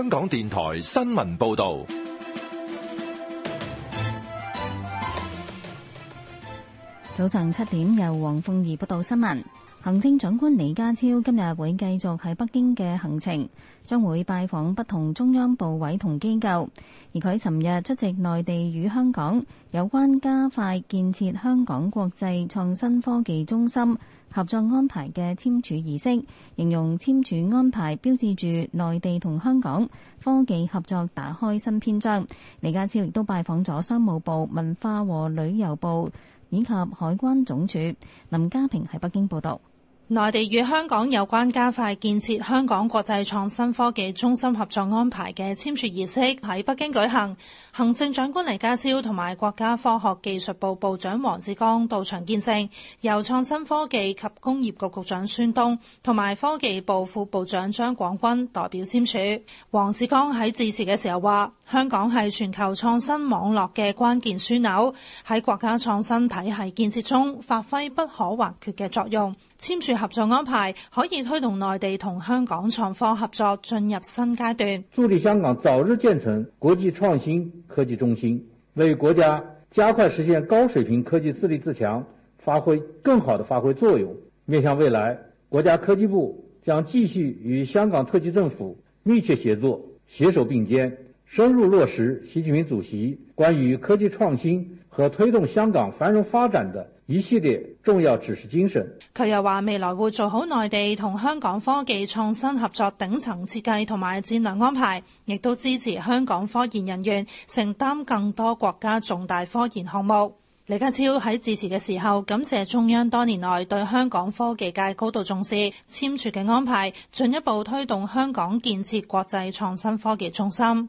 香港電台新聞報道，早上七點由黃鳳儀報道新聞。行政長官李家超今日會繼續喺北京嘅行程，將會拜訪不同中央部委同機構。而佢尋日出席內地與香港有關加快建設香港國際創新科技中心。合作安排嘅簽署儀式，形容簽署安排標誌住內地同香港科技合作打開新篇章。李家超亦都拜訪咗商務部、文化和旅遊部以及海關總署。林家平喺北京報道。內地與香港有關加快建設香港國際創新科技中心合作安排嘅簽署儀式喺北京舉行，行政長官李家超同埋國家科學技術部部長王志剛到場見證，由創新科技及工業局局，局長孫東同埋科技部副部長張廣軍代表簽署。王志剛喺致辭嘅時候話。香港係全球創新網絡嘅關鍵樞紐，喺國家創新體系建設中發揮不可或缺嘅作用。簽署合作安排可以推動內地同香港創科合作進入新階段，助力香港早日建成國際創新科技中心，為國家加快實現高水平科技自立自強發揮更好的發揮作用。面向未來，國家科技部將繼續與香港特區政府密切協作，攜手並肩。深入落實習近平主席關於科技創新和推動香港繁榮發展的一系列重要指示精神。佢又話：未來會做好內地同香港科技創新合作頂層設計同埋戰略安排，亦都支持香港科研人員承擔更多國家重大科研項目。李家超喺致辭嘅時候，感謝中央多年來對香港科技界高度重視、簽署嘅安排，進一步推動香港建設國際創新科技中心。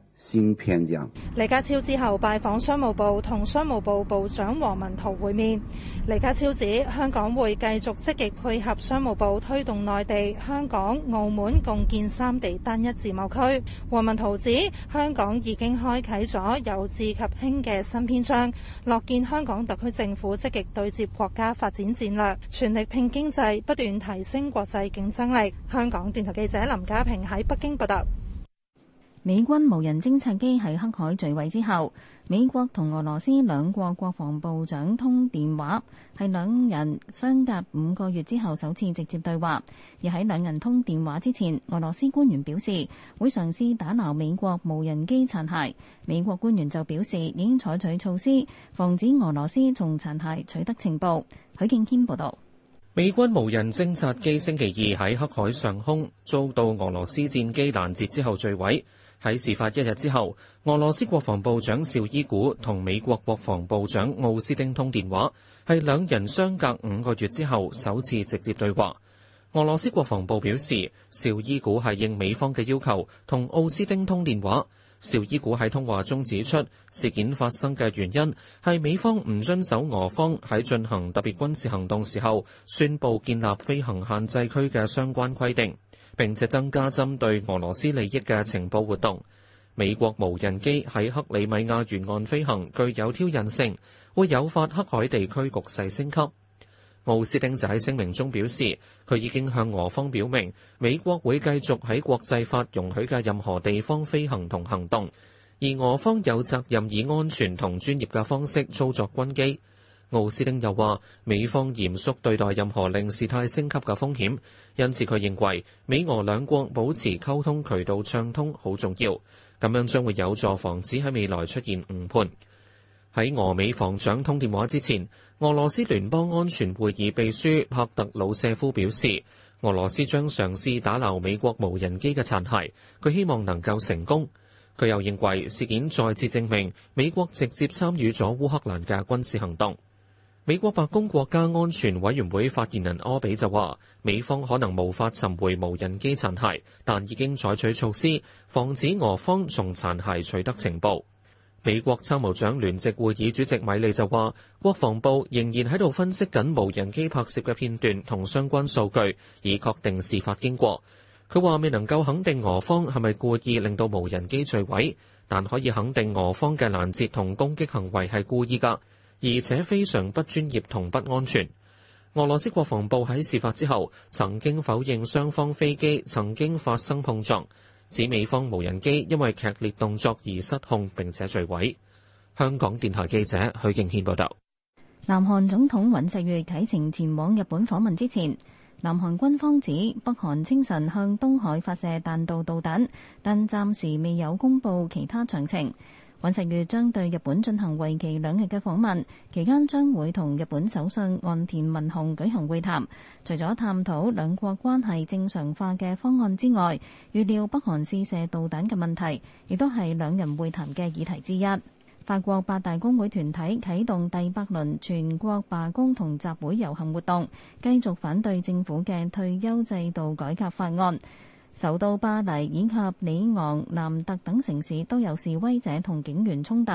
新篇章。李家超之後拜訪商務部，同商務部部長王文濤會面。李家超指，香港會繼續積極配合商務部推動內地、香港、澳門共建三地單一自貿區。王文濤指，香港已經開啟咗由治及興嘅新篇章，樂見香港特區政府積極對接國家發展戰略，全力拼經濟，不斷提升國際競爭力。香港電台記者林家平喺北京報道。美軍無人偵察機喺黑海墜毀之後，美國同俄羅斯兩國國防部長通電話，係兩人相隔五個月之後首次直接對話。而喺兩人通電話之前，俄羅斯官員表示會嘗試打撈美國無人機殘骸，美國官員就表示已經採取措施防止俄羅斯從殘骸取得情報。許敬軒報道：美軍無人偵察機星期二喺黑海上空遭到俄羅斯戰機攔截之後墜毀。喺事發一日之後，俄羅斯國防部長邵伊古同美國國防部長奧斯汀通電話，係兩人相隔五個月之後首次直接對話。俄羅斯國防部表示，邵伊古係應美方嘅要求同奧斯汀通電話。邵伊古喺通話中指出，事件發生嘅原因係美方唔遵守俄方喺進行特別軍事行動時候宣佈建立飛行限制區嘅相關規定。並且增加針對俄羅斯利益嘅情報活動。美國無人機喺克里米亞沿岸飛行具有挑釁性，會誘發黑海地區局勢升級。奧斯丁就喺聲明中表示，佢已經向俄方表明，美國會繼續喺國際法容許嘅任何地方飛行同行動，而俄方有責任以安全同專業嘅方式操作軍機。奧斯丁又話：美方嚴肅對待任何令事態升級嘅風險，因此佢認為美俄兩國保持溝通渠道暢通好重要，咁樣將會有助防止喺未來出現誤判。喺俄美防長通電話之前，俄羅斯聯邦安全會議秘書帕特魯舍夫表示，俄羅斯將嘗試打撈美國無人機嘅殘骸，佢希望能夠成功。佢又認為事件再次證明美國直接參與咗烏克蘭嘅軍事行動。美國白宮國家安全委員會發言人柯比就話，美方可能無法尋回無人機殘骸，但已經採取措施防止俄方從殘骸取得情報。美國參謀長聯席會議主席米利就話，國防部仍然喺度分析緊無人機拍攝嘅片段同相關數據，以確定事發經過。佢話未能夠肯定俄方係咪故意令到無人機墜毀，但可以肯定俄方嘅攔截同攻擊行為係故意噶。而且非常不專業同不安全。俄羅斯國防部喺事發之後曾經否認雙方飛機曾經發生碰撞，指美方無人機因為劇烈動作而失控並且墜毀。香港電台記者許敬軒報導。南韓總統尹錫悅啟程前往日本訪問之前，南韓軍方指北韓清晨向東海發射彈道導彈，但暫時未有公布其他詳情。尹錫悅將對日本進行為期兩日嘅訪問，期間將會同日本首相岸田文雄舉行會談。除咗探討兩國關係正常化嘅方案之外，預料北韓試射導彈嘅問題，亦都係兩人會談嘅議題之一。法國八大工會團體啟動第八輪全國罷工同集會遊行活動，繼續反對政府嘅退休制度改革法案。首都巴黎以及里昂、南特等城市都有示威者同警員衝突。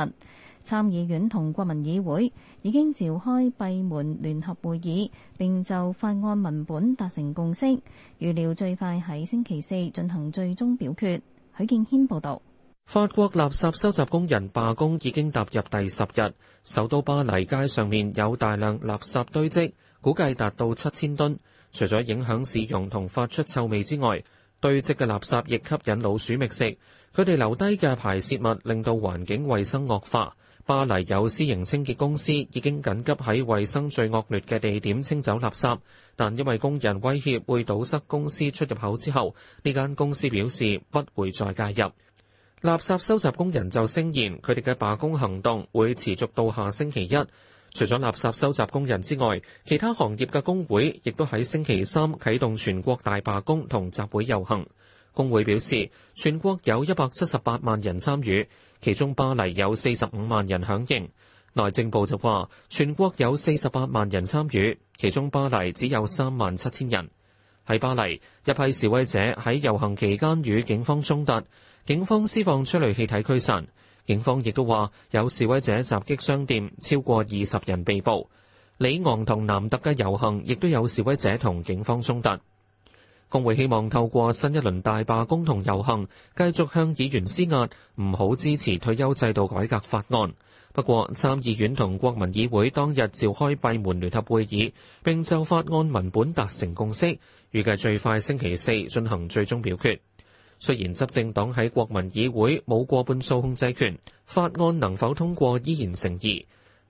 參議院同國民議會已經召開閉門聯合會議，並就法案文本達成共識，預料最快喺星期四進行最終表決。許敬軒報道。法國垃圾收集工人罷工已經踏入第十日，首都巴黎街上面有大量垃圾堆積，估計達到七千噸。除咗影響市容同發出臭味之外，堆積嘅垃圾亦吸引老鼠覓食，佢哋留低嘅排泄物令到環境衛生惡化。巴黎有私營清潔公司已經緊急喺衛生最惡劣嘅地點清走垃圾，但因為工人威脅會堵塞公司出入口之後，呢間公司表示不會再介入。垃圾收集工人就聲言，佢哋嘅罷工行動會持續到下星期一。除咗垃圾收集工人之外，其他行業嘅工會亦都喺星期三啟動全國大罷工同集會遊行。工會表示，全國有一百七十八萬人參與，其中巴黎有四十五萬人響應。內政部就話，全國有四十八萬人參與，其中巴黎只有三萬七千人。喺巴黎，一批示威者喺遊行期間與警方衝突，警方施放催淚氣體驅散。警方亦都話有示威者襲擊商店，超過二十人被捕。里昂同南特嘅遊行亦都有示威者同警方衝突。工會希望透過新一輪大罷工同遊行，繼續向議員施壓，唔好支持退休制度改革法案。不過，參議院同國民議會當日召開閉門聯合會議，並就法案文本達成共識，預計最快星期四進行最終表決。雖然執政黨喺國民議會冇過半數控制權，法案能否通過依然成疑，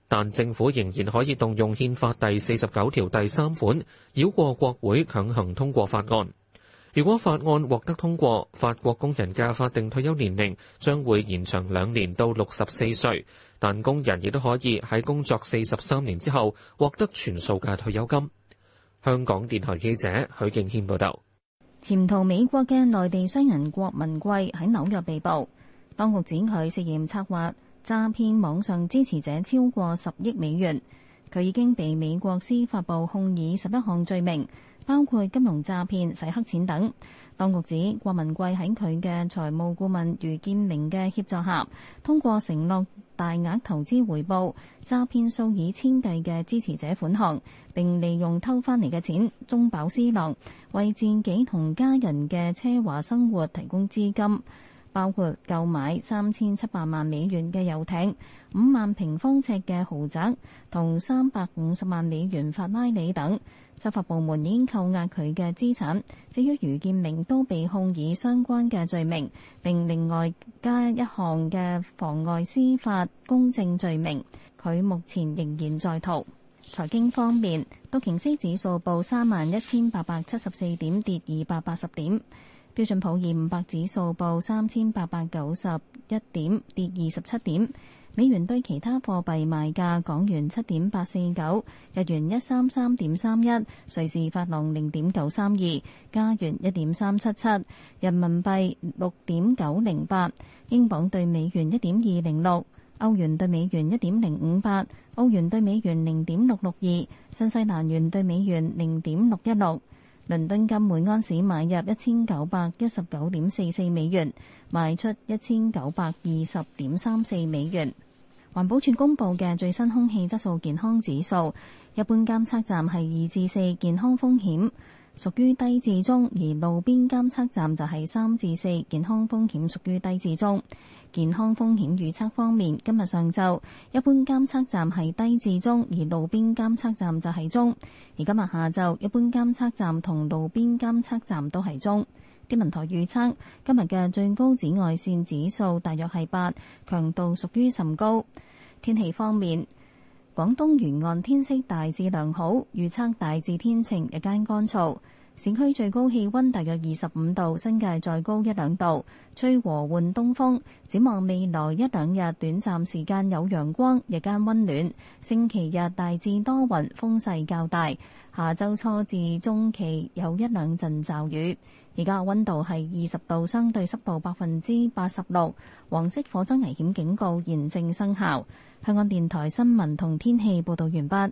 但政府仍然可以動用憲法第四十九條第三款繞過國會強行通過法案。如果法案獲得通過，法國工人嘅法定退休年齡將會延長兩年到六十四歲，但工人亦都可以喺工作四十三年之後獲得全數嘅退休金。香港電台記者許敬軒報道。潛逃美國嘅內地商人郭文貴喺紐約被捕，當局指佢涉嫌策劃詐騙網上支持者超過十億美元。佢已經被美國司法部控以十一項罪名，包括金融詐騙、洗黑錢等。當局指郭文貴喺佢嘅財務顧問余建明嘅協助下，通過承諾大額投資回報，詐騙數以千計嘅支持者款項，並利用偷返嚟嘅錢中飽私囊，為自己同家人嘅奢華生活提供資金。包括購買三千七百萬美元嘅遊艇、五萬平方尺嘅豪宅同三百五十萬美元法拉利等，執法部門已經扣押佢嘅資產。至於余建明都被控以相關嘅罪名，並另外加一項嘅妨礙司法公正罪名，佢目前仍然在逃。財經方面，道瓊斯指數報三萬一千八百七十四點，跌二百八十點。標準普爾五百指數報三千八百九十一點，跌二十七點。美元對其他貨幣賣價：港元七點八四九，日元一三三點三一，瑞士法郎零點九三二，加元一點三七七，人民幣六點九零八，英鎊對美元一點二零六，歐元對美元一點零五八，澳元對美元零點六六二，新西蘭元對美元零點六一六。倫敦金每安士買入一千九百一十九點四四美元，賣出一千九百二十點三四美元。環保署公布嘅最新空氣質素健康指數，一般監測站係二至四健康風險。屬於低至中，而路邊監測站就係三至四，健康風險屬於低至中。健康風險預測方面，今日上晝一般監測站係低至中，而路邊監測站就係中。而今日下晝一般監測站同路邊監測站都係中。天文台預測，今日嘅最高紫外線指數大約係八，強度屬於甚高。天氣方面，廣東沿岸天色大致良好，預測大致天晴日間乾燥，市區最高氣溫大約二十五度，新界再高一兩度，吹和緩東風。展望未來一兩日短暫時間有陽光，日間溫暖。星期日大致多雲，風勢較大。下周初至中期有一兩陣驟雨。而家溫度係二十度，相對濕度百分之八十六，黃色火災危險警告現正生效。香港電台新聞同天氣報道完畢。